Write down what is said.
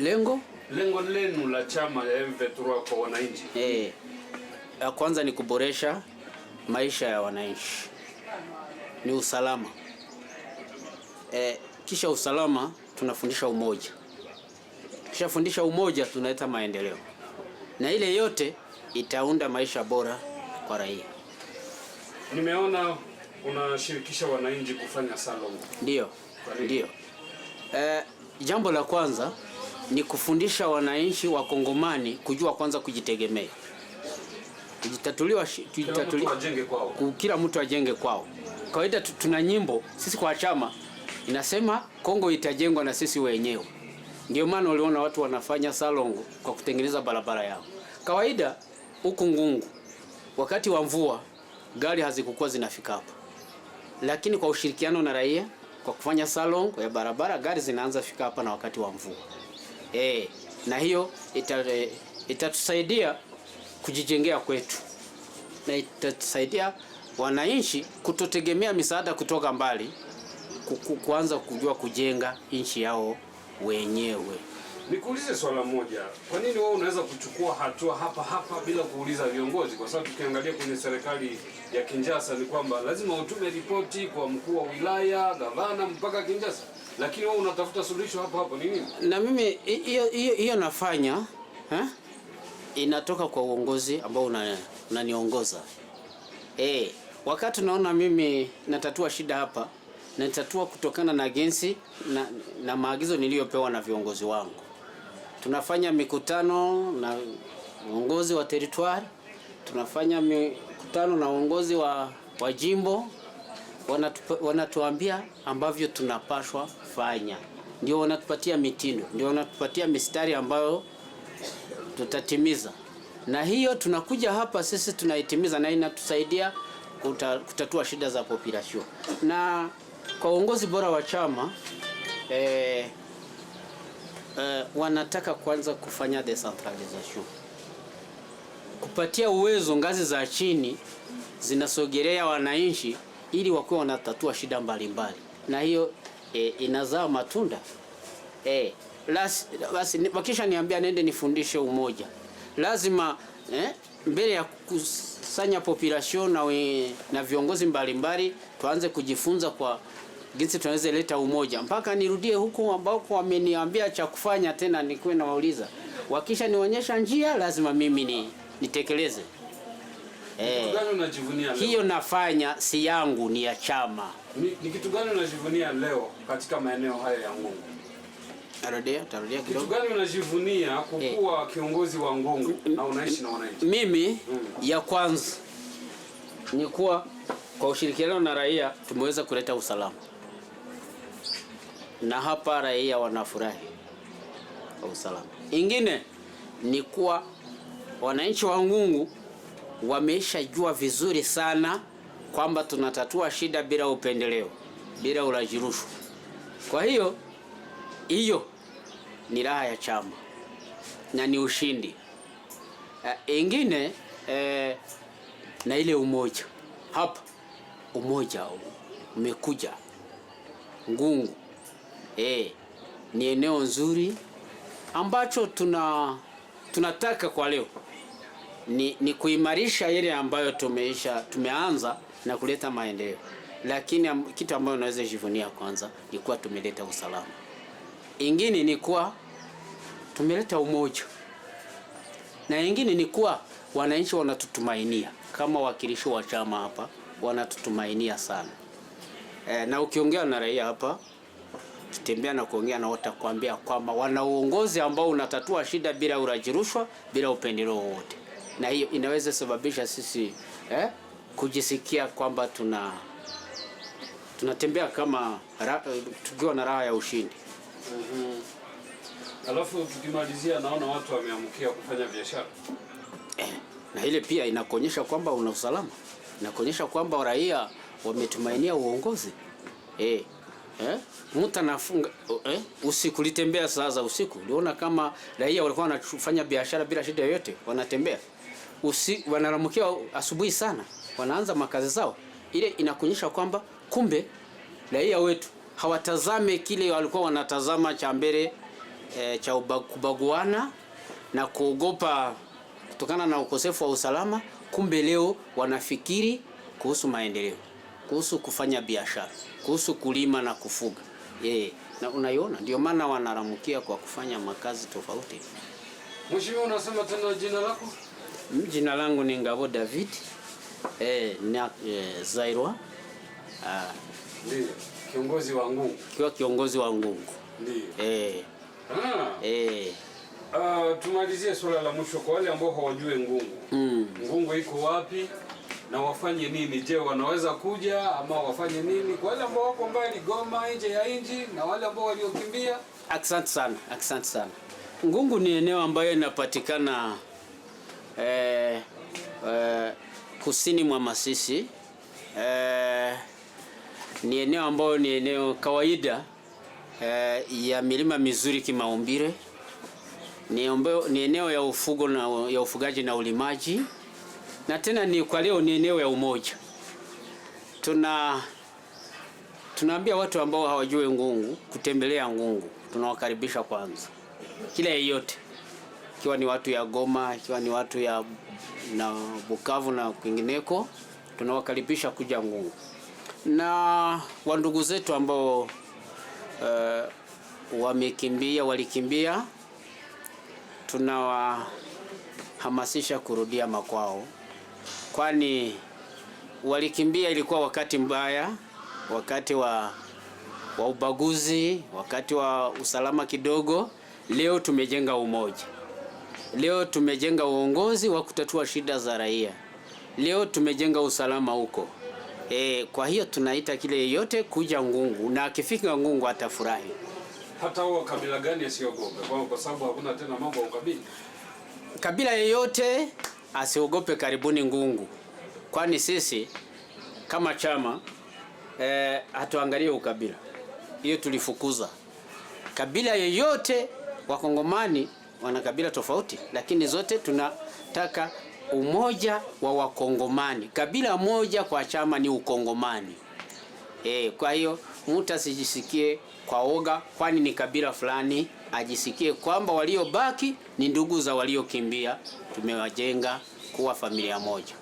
lengo lengo lenu la chama ya MV3 kwa wananchi? Eh, ya kwanza ni kuboresha maisha ya wananchi, ni usalama eh, kisha usalama tunafundisha umoja, kisha fundisha umoja tunaleta maendeleo, na ile yote itaunda maisha bora kwa raia. Nimeona unashirikisha wananchi kufanya salon. Ndio, ndio. Eh, jambo la kwanza ni kufundisha wananchi wa Kongomani kujua kwanza kujitegemea, kujitatuliwa, kujitatuliwa, kila mtu ajenge kwao. Kawaida tuna nyimbo sisi kwa chama inasema Kongo itajengwa na sisi wenyewe. Ndio maana uliona watu wanafanya salongo kwa kutengeneza barabara yao. Kawaida huku Ngungu wakati wa mvua gari hazikukua zinafika hapa, lakini kwa ushirikiano na raia kwa kufanya salongo ya barabara gari zinaanza fika hapa na wakati wa mvua e, na hiyo eh, itatusaidia kujijengea kwetu na itatusaidia wananchi kutotegemea misaada kutoka mbali, kuanza kujua kujenga nchi yao wenyewe. Nikuulize swala moja, kwa nini wewe unaweza kuchukua hatua hapa hapa bila kuuliza viongozi? Kwa sababu tukiangalia kwenye serikali ya Kinshasa ni kwamba lazima utume ripoti kwa mkuu wa wilaya, gavana, mpaka Kinshasa, lakini wewe unatafuta suluhisho hapa hapa. Ni nini? Na mimi hiyo nafanya eh? inatoka kwa uongozi ambao unaniongoza una e, eh, wakati unaona mimi natatua shida hapa natatua kutokana na gensi na, na maagizo niliyopewa na viongozi wangu tunafanya mikutano na uongozi wa teritwari, tunafanya mikutano na uongozi wa, wa jimbo wanatu, wanatuambia ambavyo tunapashwa fanya, ndio wanatupatia mitindo, ndio wanatupatia mistari ambayo tutatimiza, na hiyo tunakuja hapa sisi tunaitimiza, na inatusaidia kutatua shida za population na kwa uongozi bora wa chama eh, uh, wanataka kuanza kufanya decentralization, kupatia uwezo ngazi za chini zinasogelea wananchi ili wakuwa wanatatua shida mbalimbali mbali. Na hiyo e, inazaa matunda e, basi wakisha niambia nende nifundishe umoja, lazima eh, mbele ya kukusanya population na, we, na viongozi mbalimbali mbali, tuanze kujifunza kwa jinsi tunaweza leta umoja. Mpaka nirudie huku ambako wameniambia cha kufanya tena, nikuwe nawauliza, wakisha nionyesha njia, lazima mimi ni nitekeleze. Eh, hiyo nafanya si yangu, ni ya chama. Ni, ni kitu gani unajivunia leo katika maeneo hayo ya Ngungu? Tarudia, tarudia Kitu gani unajivunia kukuwa eh, kiongozi wa Ngungu na unaishi na wananchi? Mimi mm, ya kwanza ni kuwa kwa ushirikiano na raia tumeweza kuleta usalama na hapa raia wanafurahi kwa usalama. Ingine ni kuwa wananchi wa Ngungu wameshajua vizuri sana kwamba tunatatua shida bila upendeleo, bila ulaji rushwa. Kwa hiyo hiyo ni raha ya chama na ni ushindi eh, ingine e, na ile umoja hapa, umoja umekuja Ngungu eh, ni eneo nzuri ambacho tuna tunataka kwa leo ni, ni kuimarisha ile ambayo tumeisha tumeanza na kuleta maendeleo, lakini kitu ambayo unaweza jivunia kwanza ni kuwa tumeleta usalama, ingine ni kuwa tumeleta umoja, na ingine ni kuwa wananchi wanatutumainia kama wakilishi wa chama hapa, wanatutumainia sana e, na ukiongea na raia hapa ukitembea na kuongea na watakwambia kwamba wana uongozi ambao unatatua shida bila uraji rushwa, bila upendeleo wowote, na hiyo inaweza sababisha sisi eh, kujisikia kwamba tuna tunatembea kama tukiwa na raha ya ushindi. mm-hmm. Alafu tukimalizia, naona watu wameamkia kufanya biashara eh, na ile pia inakuonyesha kwamba una usalama, inakuonyesha kwamba raia wametumainia uongozi eh eh? Mtu anafunga eh? Usiku litembea saa za usiku, uliona kama raia walikuwa wanafanya biashara bila shida yoyote, wanatembea usi, wanaramkia asubuhi sana, wanaanza makazi zao. Ile inakuonyesha kwamba kumbe raia wetu hawatazame kile walikuwa wanatazama cha mbele eh, cha kubaguana na kuogopa kutokana na ukosefu wa usalama. Kumbe leo wanafikiri kuhusu maendeleo kuhusu kufanya biashara, kuhusu kulima na kufuga e, na unaiona, ndio maana wanaramukia kwa kufanya makazi tofauti. Mheshimiwa, unasema tena jina lako? Jina langu ni Ngabo David e, na, e, Zairwa ah, kiongozi wa Ngungu, kiwa kiongozi wa Ngungu ndio Eh. E. Ah. Eh. Uh, tumalizie swala la mwisho kwa wale ambao hawajui Ngungu. Mm. Ngungu iko wapi? na wafanye nini? Je, wanaweza kuja ama wafanye nini kwa wale ambao wako mbali Goma, nje ya nji na wale ambao waliokimbia? Asante sana, asante sana. Ngungu ni eneo ambayo inapatikana eh, eh, kusini mwa Masisi eh, ni eneo ambayo ni eneo kawaida eh, ya milima mizuri kimaumbile, ni, ni eneo ya ufugo na, ya ufugaji na ulimaji na tena ni kwa leo ni eneo ya umoja. Tuna tunaambia watu ambao hawajui Ngungu kutembelea Ngungu, tunawakaribisha kwanza, kila yeyote, ikiwa ni watu ya Goma, ikiwa ni watu ya na Bukavu na kwingineko, tunawakaribisha kuja Ngungu na wandugu zetu ambao uh, wamekimbia walikimbia, tunawahamasisha kurudia makwao kwani walikimbia. Ilikuwa wakati mbaya, wakati wa, wa ubaguzi, wakati wa usalama kidogo. Leo tumejenga umoja, leo tumejenga uongozi wa kutatua shida za raia, leo tumejenga usalama huko. E, kwa hiyo tunaita kile yeyote kuja Ngungu na akifika Ngungu atafurahi. Hata huo kabila gani asiogope, kwa sababu hakuna tena mambo ya ukabila, kabila yeyote asiogope karibuni ngungu, kwani sisi kama chama eh, hatuangalie ukabila. Hiyo tulifukuza kabila yoyote. Wakongomani wana kabila tofauti, lakini zote tunataka umoja wa Wakongomani. Kabila moja kwa chama ni Ukongomani. Eh, kwa hiyo mtu asijisikie kwa oga kwani ni kabila fulani, ajisikie kwamba waliobaki ni ndugu za waliokimbia. Tumewajenga kuwa familia moja.